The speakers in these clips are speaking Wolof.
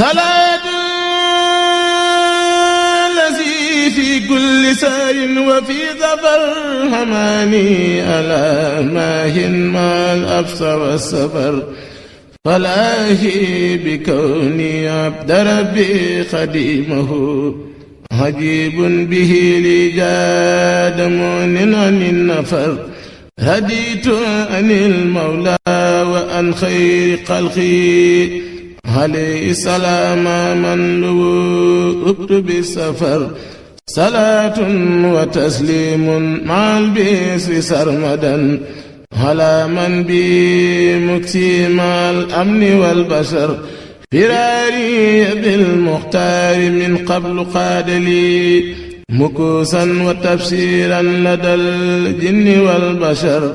صلاة الذي في كل سار وفي ظفر هماني ألا هن ما الأبصر السفر فلاهي بكوني عبد ربي خديمه عجيب به لي جاد عن النفر هديت عن المولى وأن خير خلقي هلي سلاما من لو اكتب سفر صلاة وتسليم مع البيس سرمدا هلا من بي مكسيم الأمن والبشر فراري بالمختار من قبل قاد لي مكوسا وتفسيرا لدى الجن والبشر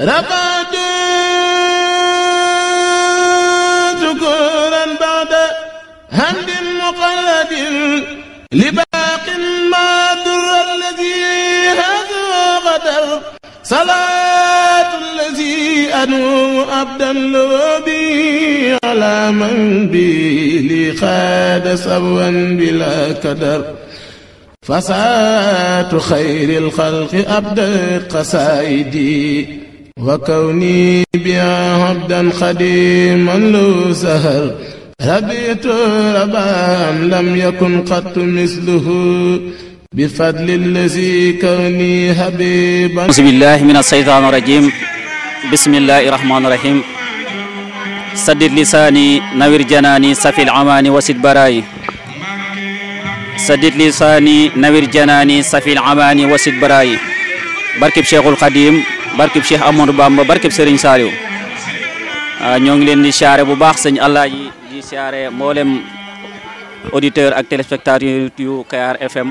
رقاد لباق ما در الذي هذا غدر صلاة الذي أنو أبدا لبي على من بي لي خاد سبوا بلا كدر فساة خير الخلق أبدت قصائدي وكوني بها عبدا خديما لو سهر ربيت ربا لم يكن قط مثله بفضل الذي كوني حبيبا بسم الله من الشيطان الرجيم بسم الله الرحمن الرحيم سدد لساني نوير جناني سفي العمان وسد براي سدد لساني نوير جناني سفي العمان وسد براي barkib cheikhul القديم barkib cheikh amadou بامبا barkib سيرين ساريو ñoo ngi leen di siyaare bu baax sëñ alaaji siare mbolem auditeur ak téléspectateur yu KR FM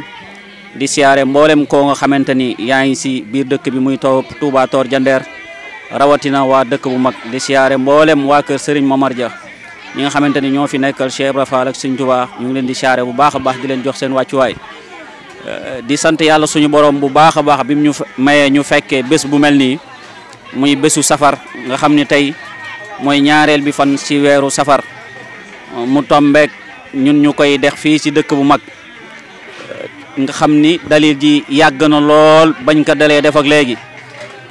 di siare mbolem ko nga xamanteni ni ci biir dëkk bi muy taw Touba Tor Jander rawatina wa dëkk bu mag di siare mbolem wa kër Serigne Mamar Dia ñi nga xamanteni ño fi nekkal Cheikh Ibra ak Serigne Touba ñu ngi leen di siare bu baaxa baax di leen jox seen way eh, di sante yalla suñu borom bu baaxa baax bimu ñu maye ñu fekke bës bu melni muy bësu safar nga xamni tay moy ñaarel bi fan ci wéru safar mu tombeek ñun ñu koy dex fii ci dëkk bu mag nga xam ni dalil ji yàgg na lool bañ ko dalee def ak léegi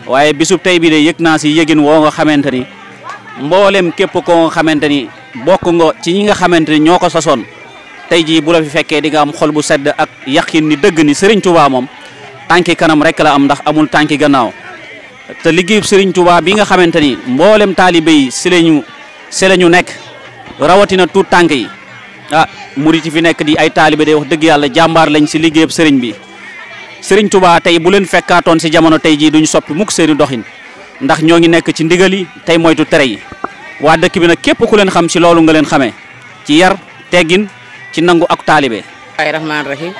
waaye bisub tey bi de yëg naa si yëgin woo nga xamante ni mboolem képp koo nga xamante ni bokk nga ci ñi nga xamante ni ñoo ko sasoon tey jii bu la fi fekkee di nga am xol bu sedd ak yaqin ni dëgg ni Serigne Touba moom tànki kanam rek la am ndax amul tànki gannaaw te liggéeyub sëriñ Touba bi nga xamante ni mboolem taalibe yi si lañu si lañu nekk. rawatina tuut tànk yi ah murit yi fi nekk di ay taalibe day wax dëgg yàlla jàmbaar lañ si liggéeyab sëriñ bi sëriñ Touba tey bu leen fekkaatoon si jamono tey jii duñu soppi mukk seeni doxin ndax ñoo ngi nekk ci ndigal yi tey moytu tere yi waa dëkk bi nag képp ku leen xam si loolu nga leen xamee ci yar teggin ci nangu ak taalibe. ay rahmaan rahim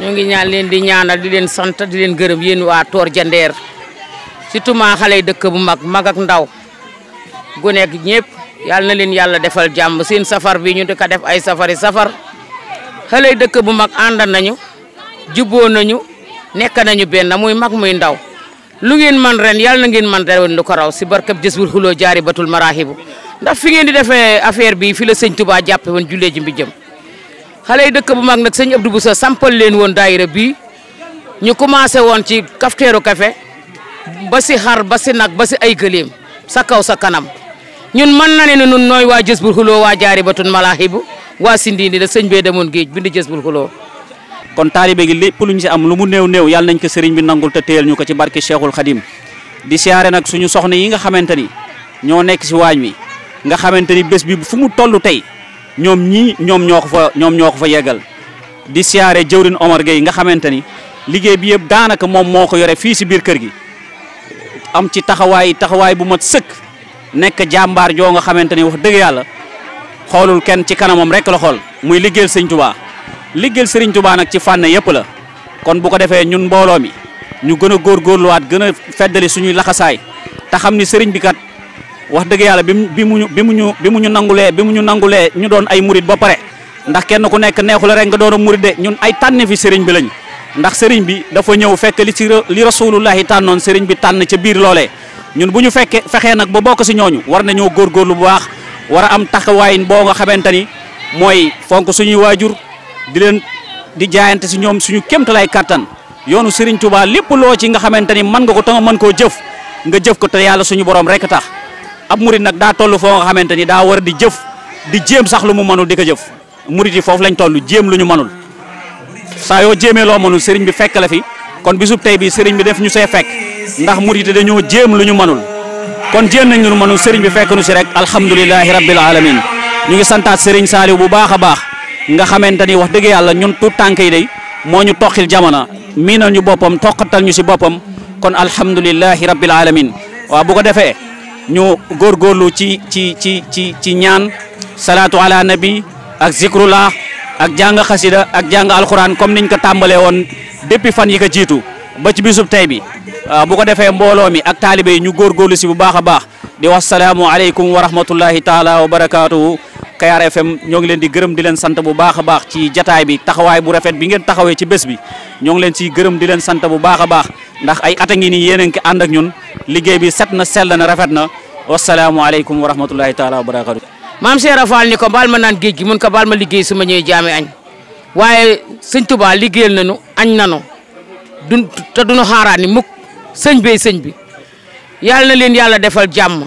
ñoo ngi ñaan leen di ñaanal di leen sant di leen gërëm yéen waa Tor Jandeer surtout maa xale dëkk bu mag mag ak ndaw gu nekk ñëpp. yàlla na leen yàlla defal jàmm seen safar bi ñu di ko def ay safari safar xale dëkk bu mag ànd nañu jubboo nañu nekk nañu benn muy mag muy ndaw lu ngeen man ren yàlla na ngeen man ren lu ko raw si barkab jës bul xuloo jaari batul maraahibu ndax fi ngeen di defee affaire bi fi la sëñ Touba jàppe woon jullee ji mbi jëm xale yi dëkk bu mag nag sëñ Abdou sa sampal leen woon daayira bi ñu commencé woon ci kafteeru kafe ba si xar ba si nag ba si ay gëléem sa kaw sa kanam ñun man na ne ne nun nooy waa jës bul xuloo waa jaari batun malaahibu waa sindiindi da sëñ bee demoon géej bindi jës bul xuloo kon taalibe gi lépp lu ñu si am lu mu néew néew yàlla nañ ko sëriñ bi nangul te téyal ñu ko ci barke Cheikhul Khadim di siyaare nag suñu soxna yi nga xamante ni ñoo nekk si waañ wi nga xamante ni bés bi fu mu toll tey ñoom ñii ñoom ñoo ko fa ñoom ñoo ko fa yeggal di siyaare jëwrin Omar Gueye nga xamante ni liggéey bi yëpp daanaka moom moo ko yore fii si biir kër gi am ci taxawaay taxawaay bu mat sëkk nekk jàmbaar joo nga xamante ni wax dëgg yàlla xoolul kenn ci kanamam rek la xool muy liggéeyal sëñ tubaa liggéeyal sëriñ tubaa nag ci fànn yëpp la kon bu ko defee ñun mbooloo mi ñu gën a góorluwaat gën a feddali suñuy laxasaay te xam ni sëriñ bi kat wax dëgg yàlla bi mu bi mu bi mu ñu bi mu ñu nangulee bi mu ñu nangulee ñu doon ay murit ba pare ndax kenn ku nekk neexu la rek nga doon a murit de ñun ay tànne fi sëriñ bi lañ ndax sëriñ bi dafa ñëw fekk li ci li rasulullahi tànnoon sëriñ bi tànn ca biir loolee ñun buñu fekke fexé nak bo bok ci si ñooñu war gor gor lu baax wara am taxaway bo nga xamanteni moy fonk suñu wajur di len di jaayante si ñoom suñu lay katan yoonu Serigne Touba lepp lo ci nga xamanteni man nga ko tanga man ko jëf nga jëf ko te yalla suñu borom rek tax ab mourid nak da tollu fo nga xamanteni da wara di jëf di jëm sax lu mu manul di ko jëf mouridi fofu lañ tollu jëm lu manul sa yo yoo lo manul serigne bi fekk la fi kon bisub tey bii sëriñ bi def ñu see fekk ndax murid dañoo jéem lu ñu mënul kon jéem nañ lu ñu mënul sëriñ bi fekk nu si rek alhamdulilahi rabbil alamin ñu ngi santaat sëriñ Saaliw bu baax a baax nga xamante ni wax dëgg yàlla ñun tuut tànk yi day moo ñu toqil jamono miinal ñu boppam toqatal ñu si boppam kon alhamdulilahi rabbil alamin waaw bu ko defee ñu góorgóorlu ci ci ci ci ci ñaan salaatu ala nabi ak zikrullah ak jàng xasida ak jàng alquran comme niñ ko tàmbalee woon depuis fan yi ko jiitu ba ci bisub tey bi ah, bu ko defee mbooloo mi ak taalibe yi ñu góorgóorlu si bu baax a baax di wax salaamualeykum wa rahmatullahi taala wa barakaatuhu Kayar FM ñoo ngi leen di gërëm di leen sant bu baax a baax ci jataay bi taxawaay bu rafet bi ngeen taxawee ci bés bi ñoo ngi leen ciy gërëm di leen sant bu baax a baax ndax ay at a ngi nii yéen a ngi ànd ak ñun liggéey bi set na sell na rafet na wasalaamualeykum wa rahmatullahi taala wa barakaatu. maam Cheikh Fall ni ko baal ma naan géej gi mun ko baal ma liggéey su ma ñëwee jaami añ waaye sëñ Tuubaa añ nanu du te duñu xaaraat ni sëñ bee sëñ bi yàlla na leen yàlla defal jàmm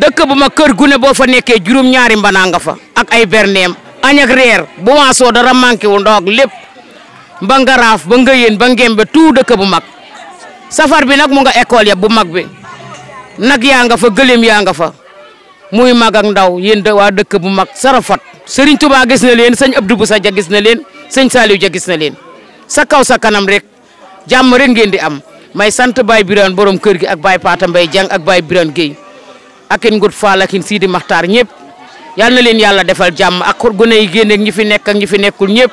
dëkk bu ma kër gu ne boo fa nekkee juróom-ñaari mbanaa fa ak ay berneem añ ak reer bu dara manqué wu ndox lépp ba ngaraaf ba ngëyeen ba ngembe tout dëkk bu mag safar bi nag mu nga école ya bu mag bi nag yaa nga fa gëléem yaa nga fa muy mag ndaw yéen da waa dëkk bu mag Sarafat Serigne Touba gis na leen sëñ Abdou Boussa ja gis na leen sëñ Saliou ja gis na leen sa kaw sa kanam rek jàmm rek ngeen di am may sant Baye Birane borom kër gi ak baay Pata Mbaye Dieng ak Baye Birane Gueye ak in ngut Fall ak in Sidi Maxtaar ñépp yal na leen yàlla defal jàmm ak gone yi génn ñi fi nekk ak ñi fi nekkul ñëpp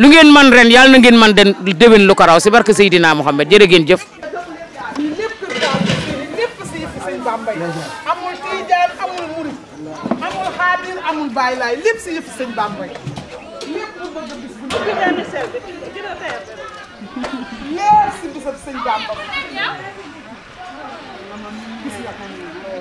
lu ngeen man ren yal na ngeen man den déwén lu ko raw si barke Seydina Mohamed jërë ngeen jëf. amul ñëpp si bisab sëñ Bàmba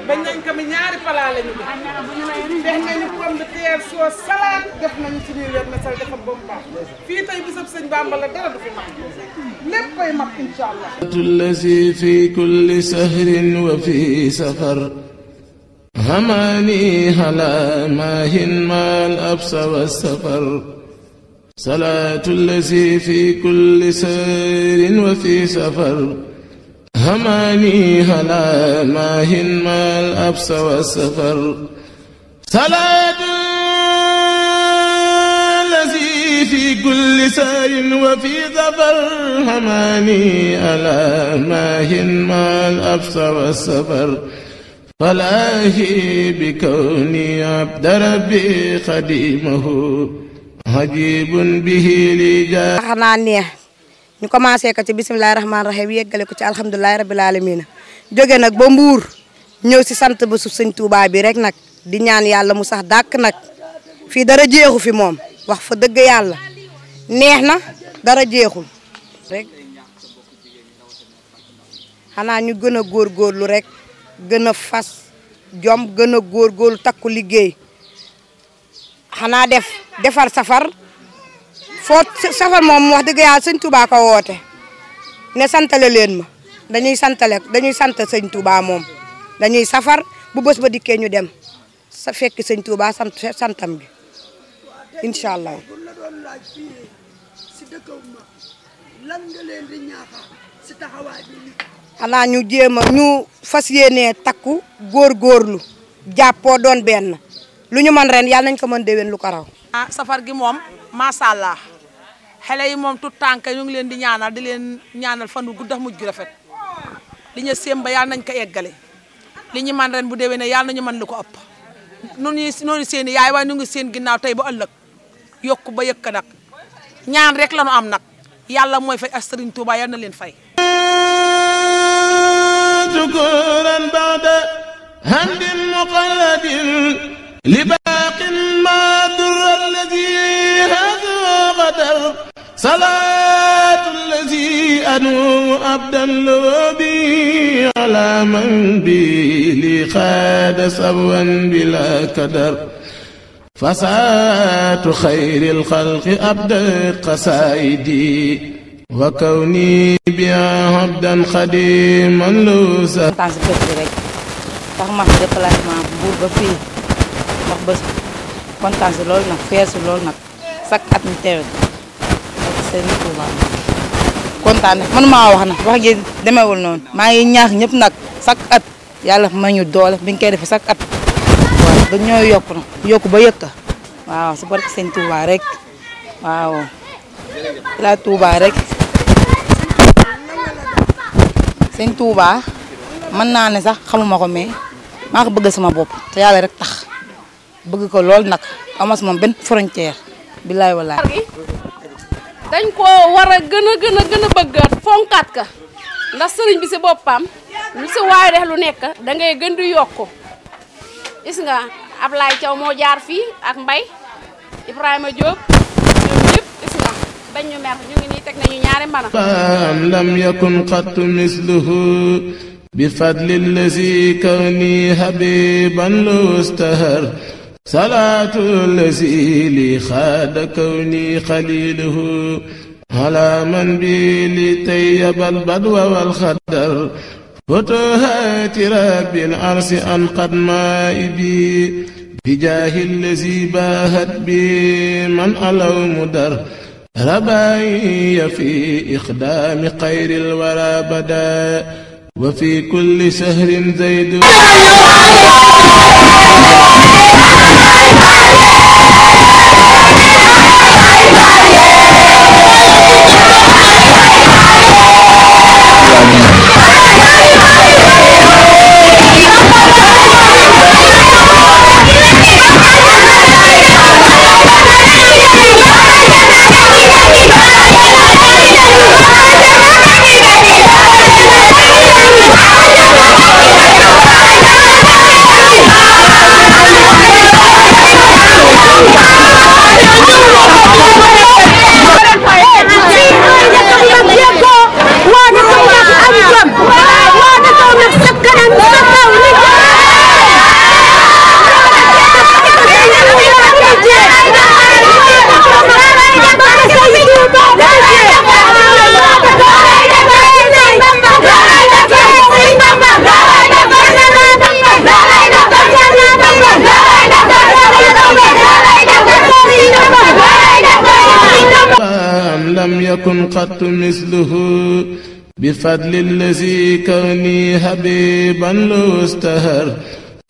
bañ nañ ko mi ñaari pala lañu def def nañu pomme de terre soo salade def nañu suñuy weer mesal dafa ba mu baax fii tey bisab sëñ Bàmba la dara du fi koy allah allazi fi kulli sahrin wa fi safar هماني هلا ماهن ما الأبس والسفر صلاة الذي في كل سير وفي سفر هماني هلا ماهن ما الأبس والسفر صلاة الذي في كل سير وفي سفر هماني ألا ماهن ما الأبس والسفر فلاهي بكوني عبد ربي خديمه tax naa neex ñu commencé ko ci bisimilahi rahmaani rahim yeggale ko ci alhamdulilahi rabil alamina jóge nag ba mbuur ñëw si sant ba suuf sëñ bi rek nag di ñaan yàlla mu sax dàkk nag fii dara jeexu fi moom wax fa dëgg yàlla neex na dara jeexul rek xanaa ñu gën a góorlu rek gën a fas jom gën a góorgóorlu takku liggéey xana def defar safar fo safar mom wax deug ya seigne Touba ko wote ne santale len ma dañuy santale dañuy sante seigne Touba mom dañuy safar bu bés ba dikke ñu dem sa fekk seigne Touba sante santam bi inshallah allah. ñu jema ñu fasiyene takku gor gorlu jappo don benn. lu ñu mën ren yàlla nañ ko mën déwén lu ko raw. ah safar gi moom macha allah xale yi moom tout tànk ñu ngi leen di ñaanal di leen ñaanal fan wu guddax mujj li ñu sémba yàlla nañ ko eggale li ñu man ren bu déwénee na nañu mën lu ko ëpp. nun ñuy noonu seen yaay waaye ñu ngi tey ba ëllëg yokku ba yëkk nag ñaan rek la nu am nag yàlla mooy fay ak Sëriñ Tuubaa yal na leen fay. شكرا بعد هند مقلد لباق ما در الذي هذا غدر صلاة الذي أنو أبدا لبي على من بي لخاد سوا بلا كدر فساة خير الخلق أبدت قصائدي وكوني بها عبدا خديما لوسا tax ma déplacement buur ba fii ndax bés bi si loolu nag feesu loolu nag chaque at ñu teewe ak seen Tuuba na man wax nag wax maa ngi ñaax ñëpp nag chaque at yàlla ma doole bi ñu koy defee chaque at waaw ñooy yokk nag yokk ba rek waaw la Tuuba naa ne sax xamuma ko mais maa ko bëgg sama bopp te yàlla rek tax bëgg ko lool nak amas mom ben frontière billahi wallahi dañ ko wara gëna gëna gëna gën fonkat ka ndax sëriñ bi ci bopam lu ci way rek lu nekk da ngay gën di yokku gis nga ablay ciow mo jaar fi ak mbay Ibrahima Diop lam yakun habiban صلاة الذي خاد كوني خليله على من بي لطيب البدو والخدر فتوهات رب العرس أنقد مائبي بجاه الذي باهت بي من ألو مدر رباي في إخدام خير الورى بدا وفي كل سهر زيد قط مثله بفضل الذي كوني حبيبا لو استهر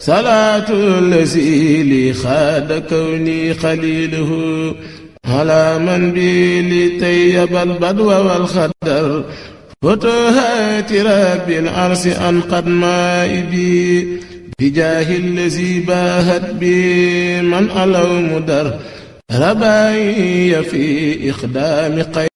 صلاة الذي لي خاد كوني خليله على من بي لتيب البدو والخدر فتوهات رب العرس أن قد مائبي بجاه الذي باهت بي من ألو مدر رباي في إخدام قيد